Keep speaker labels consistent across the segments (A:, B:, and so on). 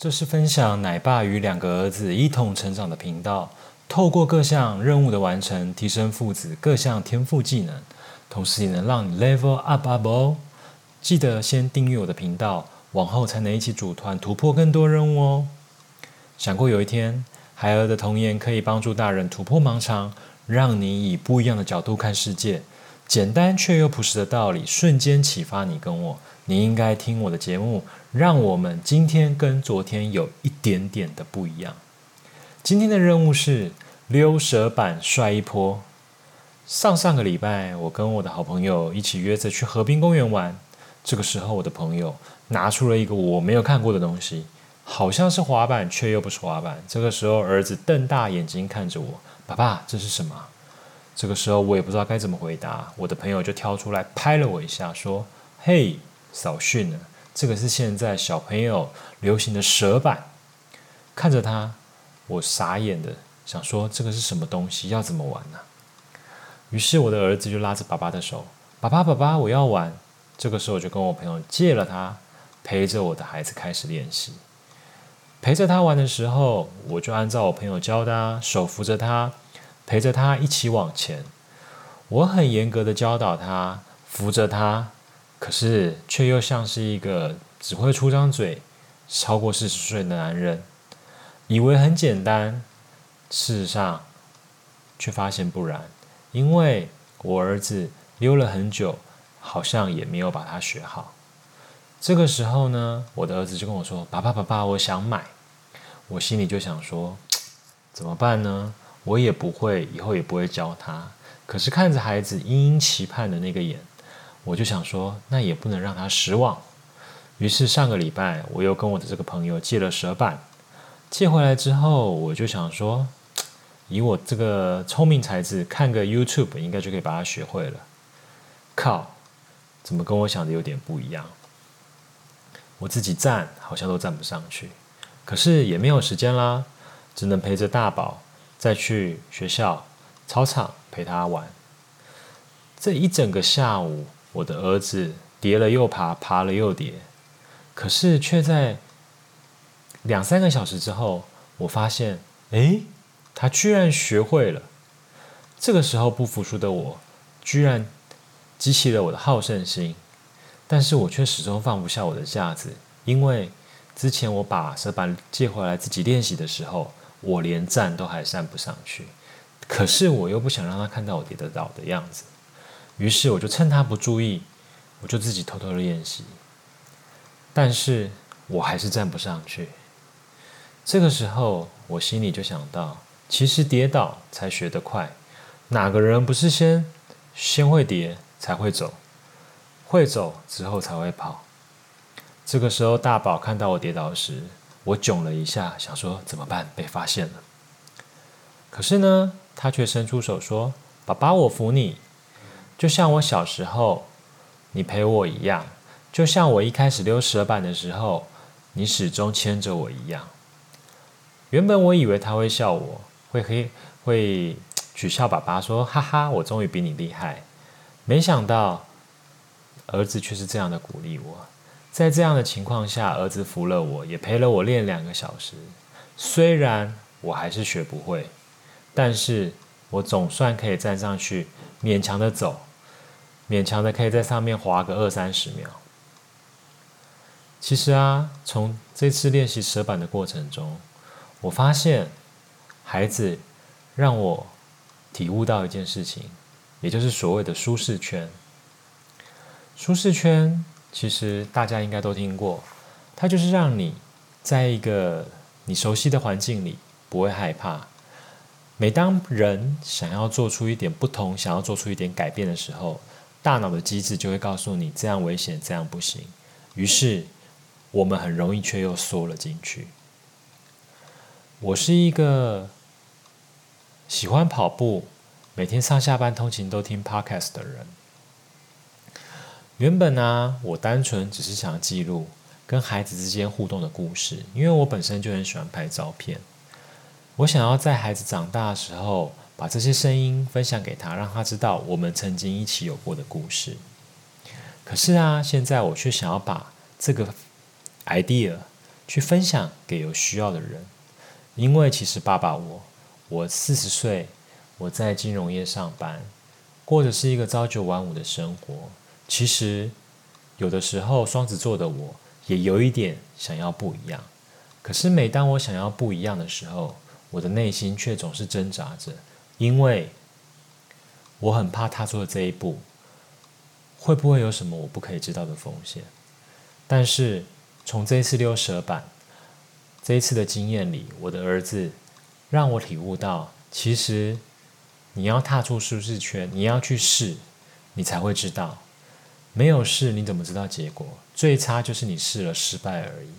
A: 這是分享奶爸與兩個兒子一同成長的頻道，透過各項任務的完成，提升父子各項天賦技能，同時也能讓你 level up up 哦！記得先訂閱我的頻道，往後才能一起組團突破更多任務哦！想過有一天，孩兒的童言可以幫助大人突破盲腸，讓你以不一樣的角度看世界。簡單卻又樸實的道理，瞬間啟發你跟我。你應該聽我的節目，讓我們今天跟昨天有一點點的不一樣。今天的任務是溜蛇板，帥一波。上上個禮拜，我跟我的好朋友一起約着去河濱公園玩。這個時候，我的朋友拿出了一個我沒有看過的東西，好像是滑板，卻又不是滑板。這個時候，兒子瞪大眼睛看着我：“爸爸，這是什麼？”這個時候我也不知道該怎麼回答，我的朋友就跳出來拍了我一下，說：“嘿，小迅了，這個是現在小朋友流行的蛇板。”看着他，我傻眼的想說：“這個是什麼東西？要怎麼玩呢、啊？”於是我的兒子就拉着爸爸的手：“爸爸，爸爸，我要玩！”這個時候我就跟我朋友借了他，陪着我的孩子開始練習。陪着他玩的時候，我就按照我朋友教的，手扶着他。陪着他一起往前，我很嚴格的教導他扶着他，可是卻又像是一個只會出張嘴、超過四十歲的男人，以為很簡單，事實上卻發現不然，因為我兒子溜了很久，好像也沒有把他學好。這個時候呢，我的兒子就跟我說：“爸爸，爸爸，我想買。”我心裡就想說：“怎麼辦呢？”我也不會，以後也不會教他。可是看着孩子殷殷期盼的那個眼，我就想說，那也不能讓他失望。於是上個禮拜，我又跟我的這個朋友借了蛇板。借回來之後，我就想說，以我這個聰明才智，看個 YouTube 應該就可以把它學會了。靠，怎麼跟我想的有點不一樣？我自己站好像都站不上去，可是也沒有時間啦，只能陪着大寶。再去學校操場陪他玩，這一整個下午，我的兒子跌了又爬，爬了又跌，可是卻在兩三個小時之後，我發現，哎，他居然學會了。這個時候不服輸的我，居然激起了我的好勝心，但是我卻始終放不下我的架子，因為之前我把蛇板借回來自己練習的時候，我連站都還站不上去，可是我又不想讓他看到我跌倒的樣子，於是我就趁他不注意，我就自己偷偷的練習。但是我還是站不上去。這個時候我心裡就想到，其實跌倒才學得快，哪個人不是先先會跌才會走，會走之後才會跑。這個時候大寶看到我跌倒時。我囧了一下，想說怎麼辦？被發現了。可是呢，他卻伸出手說：“爸爸，我扶你，就像我小時候你陪我一樣，就像我一開始溜蛇板的時候，你始終牽着我一樣。”原本我以為他會笑我，會黑，會取笑爸爸說：“哈哈，我終於比你厲害。”沒想到，兒子卻是這樣的鼓勵我。在這樣的情況下，兒子扶了我，也陪了我練兩個小時。雖然我還是學不會，但是我總算可以站上去，勉強的走，勉強的可以在上面滑個二三十秒。其實啊，從這次練習蛇板的過程中，我發現孩子讓我體悟到一件事情，也就是所謂的舒適圈。舒適圈。其實大家應該都聽過，它就是讓你在一個你熟悉的環境裡不會害怕。每當人想要做出一點不同、想要做出一點改變的時候，大腦的機制就會告訴你這樣危險、這樣不行。於是我們很容易卻又縮了進去。我是一個喜歡跑步、每天上下班通勤都聽 Podcast 的人。原本呢、啊，我單純只是想要記錄跟孩子之間互動的故事，因為我本身就很喜歡拍照片。我想要在孩子長大的時候，把這些聲音分享給他，讓他知道我們曾經一起有過的故事。可是啊，現在我卻想要把這個 idea 去分享給有需要的人，因為其實爸爸我，我四十歲，我在金融業上班，過的是一個朝九晚五的生活。其實，有的時候，雙子座的我也有一點想要不一樣。可是，每當我想要不一樣的時候，我的內心卻總是掙扎着，因為我很怕踏出了這一步，會不會有什麼我不可以知道的風險？但是，從這一次溜蛇板，這一次的經驗裡，我的兒子讓我體悟到，其實你要踏出舒適圈，你要去試，你才會知道。沒有試，你怎麼知道結果？最差就是你試了失敗而已。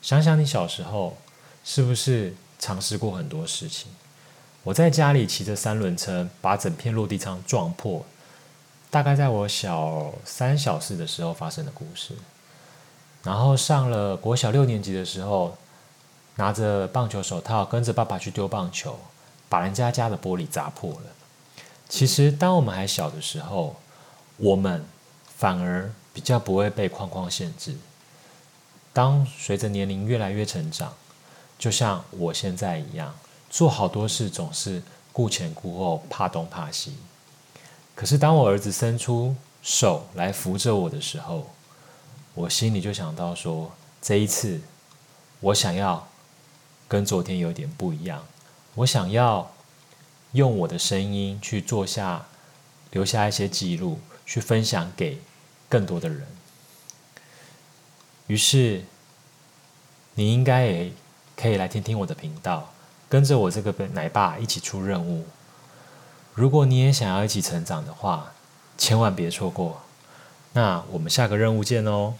A: 想想你小時候是不是嘗試過很多事情？我在家裡騎着三輪車，把整片落地窗撞破，大概在我小三小四的時候發生的故事。然後上了國小六年級的時候，拿着棒球手套跟着爸爸去丟棒球，把人家家的玻璃砸破了。其實，當我們還小的時候，我們。反而比較不會被框框限制。當隨着年齡越來越成長，就像我現在一樣，做好多事總是顧前顧後，怕東怕西。可是當我兒子伸出手來扶着我的時候，我心裡就想到說：這一次，我想要跟昨天有點不一樣。我想要用我的聲音去做下留下一些記錄。去分享給更多的人。於是，你應該也可以來聽聽我的頻道，跟着我這個奶爸一起出任務。如果你也想要一起成長的話，千萬別錯過。那我們下個任務見哦。